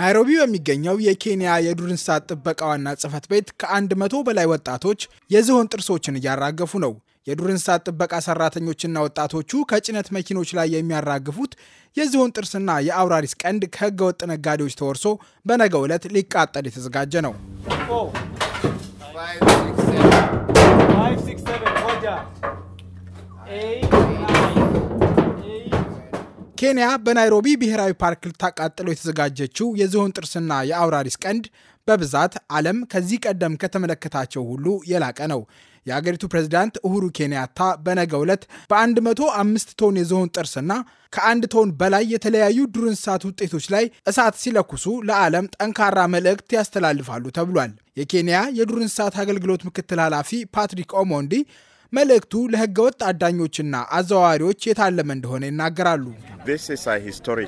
ናይሮቢ በሚገኘው የኬንያ የዱር እንስሳት ጥበቃ ዋና ጽህፈት ቤት ከአንድ መቶ በላይ ወጣቶች የዝሆን ጥርሶችን እያራገፉ ነው። የዱር እንስሳት ጥበቃ ሰራተኞችና ወጣቶቹ ከጭነት መኪኖች ላይ የሚያራግፉት የዝሆን ጥርስና የአውራሪስ ቀንድ ከህገወጥ ነጋዴዎች ተወርሶ በነገው ዕለት ሊቃጠል የተዘጋጀ ነው። ኬንያ በናይሮቢ ብሔራዊ ፓርክ ልታቃጥለው የተዘጋጀችው የዝሆን ጥርስና የአውራሪስ ቀንድ በብዛት ዓለም ከዚህ ቀደም ከተመለከታቸው ሁሉ የላቀ ነው። የአገሪቱ ፕሬዝዳንት እሁሩ ኬንያታ በነገ ዕለት በ105 ቶን የዝሆን ጥርስና ከአንድ ቶን በላይ የተለያዩ ዱር እንስሳት ውጤቶች ላይ እሳት ሲለኩሱ ለዓለም ጠንካራ መልእክት ያስተላልፋሉ ተብሏል። የኬንያ የዱር እንስሳት አገልግሎት ምክትል ኃላፊ ፓትሪክ ኦሞንዲ መልእክቱ ወጥ አዳኞችና አዘዋዋሪዎች የታለመ እንደሆነ ይናገራሉ። uh,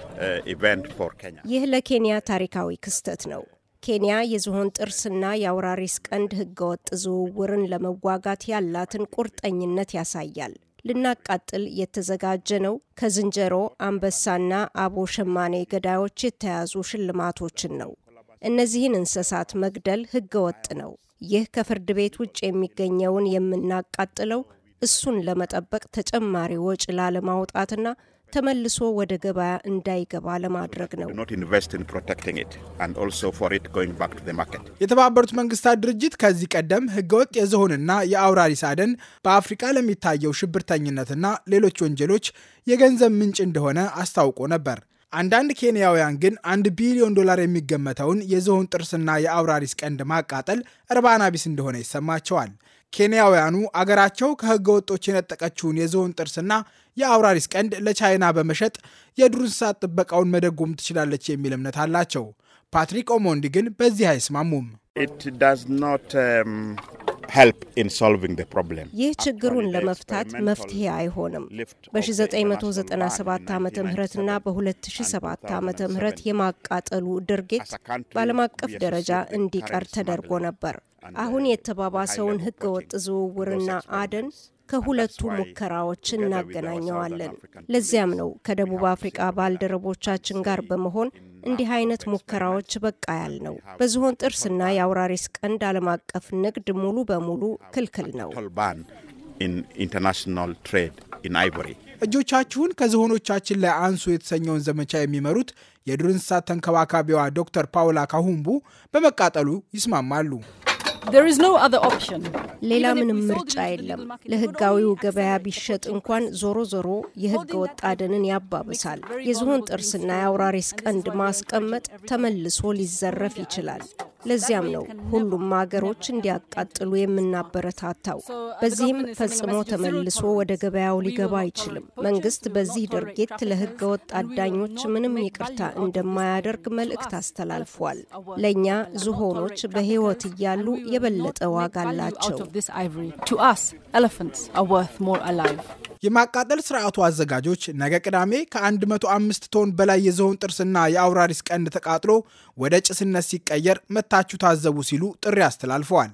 ይህ ለኬንያ ታሪካዊ ክስተት ነው። ኬንያ የዝሆን ጥርስና የአውራሪስ ቀንድ ህገወጥ ዝውውርን ለመዋጋት ያላትን ቁርጠኝነት ያሳያል። ልናቃጥል የተዘጋጀ ነው። ከዝንጀሮ አንበሳና አቦ ሸማኔ ገዳዮች የተያዙ ሽልማቶችን ነው። እነዚህን እንስሳት መግደል ህገወጥ ነው። ይህ ከፍርድ ቤት ውጭ የሚገኘውን የምናቃጥለው እሱን ለመጠበቅ ተጨማሪ ወጪ ላለማውጣትና ተመልሶ ወደ ገበያ እንዳይገባ ለማድረግ ነው። የተባበሩት መንግስታት ድርጅት ከዚህ ቀደም ህገወጥ የዝሆንና የአውራሪስ አደን በአፍሪቃ ለሚታየው ሽብርተኝነትና ሌሎች ወንጀሎች የገንዘብ ምንጭ እንደሆነ አስታውቆ ነበር። አንዳንድ ኬንያውያን ግን አንድ ቢሊዮን ዶላር የሚገመተውን የዝሆን ጥርስና የአውራሪስ ቀንድ ማቃጠል እርባና ቢስ እንደሆነ ይሰማቸዋል። ኬንያውያኑ አገራቸው ከህገ ወጦች የነጠቀችውን የዝሆን ጥርስና የአውራሪስ ቀንድ ለቻይና በመሸጥ የዱር እንስሳት ጥበቃውን መደጎም ትችላለች የሚል እምነት አላቸው። ፓትሪክ ኦሞንዲ ግን በዚህ አይስማሙም። ይህ ችግሩን ለመፍታት መፍትሄ አይሆንም። በ1997 ዓ ምህረትና በ2007 ዓ ምህረት የማቃጠሉ ድርጊት በዓለም አቀፍ ደረጃ እንዲቀር ተደርጎ ነበር። uh, አሁን የተባባሰውን ህገወጥ ዝውውርና አደን ከሁለቱ ሙከራዎች እናገናኘዋለን። ለዚያም ነው ከደቡብ አፍሪቃ ባልደረቦቻችን ጋር በመሆን እንዲህ አይነት ሙከራዎች በቃ ያል ነው። በዝሆን ጥርስና የአውራሪስ ቀንድ ዓለም አቀፍ ንግድ ሙሉ በሙሉ ክልክል ነው። እጆቻችሁን ከዝሆኖቻችን ላይ አንሱ የተሰኘውን ዘመቻ የሚመሩት የዱር እንስሳት ተንከባካቢዋ ዶክተር ፓውላ ካሁምቡ በመቃጠሉ ይስማማሉ። ሌላ ምንም ምርጫ የለም። ለህጋዊው ገበያ ቢሸጥ እንኳን ዞሮ ዞሮ የህገ ወጥ አደንን ያባብሳል። የዝሆን ጥርስና የአውራሪስ ቀንድ ማስቀመጥ ተመልሶ ሊዘረፍ ይችላል። ለዚያም ነው ሁሉም ሀገሮች እንዲያቃጥሉ የምናበረታታው። በዚህም ፈጽሞ ተመልሶ ወደ ገበያው ሊገባ አይችልም። መንግስት በዚህ ድርጊት ለህገ ወጥ አዳኞች ምንም ይቅርታ እንደማያደርግ መልእክት አስተላልፏል። ለእኛ ዝሆኖች በህይወት እያሉ የበለጠ ዋጋ አላቸው። የማቃጠል ስርዓቱ አዘጋጆች ነገ ቅዳሜ ከ105 ቶን በላይ የዝሆን ጥርስና የአውራሪስ ቀንድ ተቃጥሎ ወደ ጭስነት ሲቀየር መታችሁ ታዘቡ ሲሉ ጥሪ አስተላልፈዋል።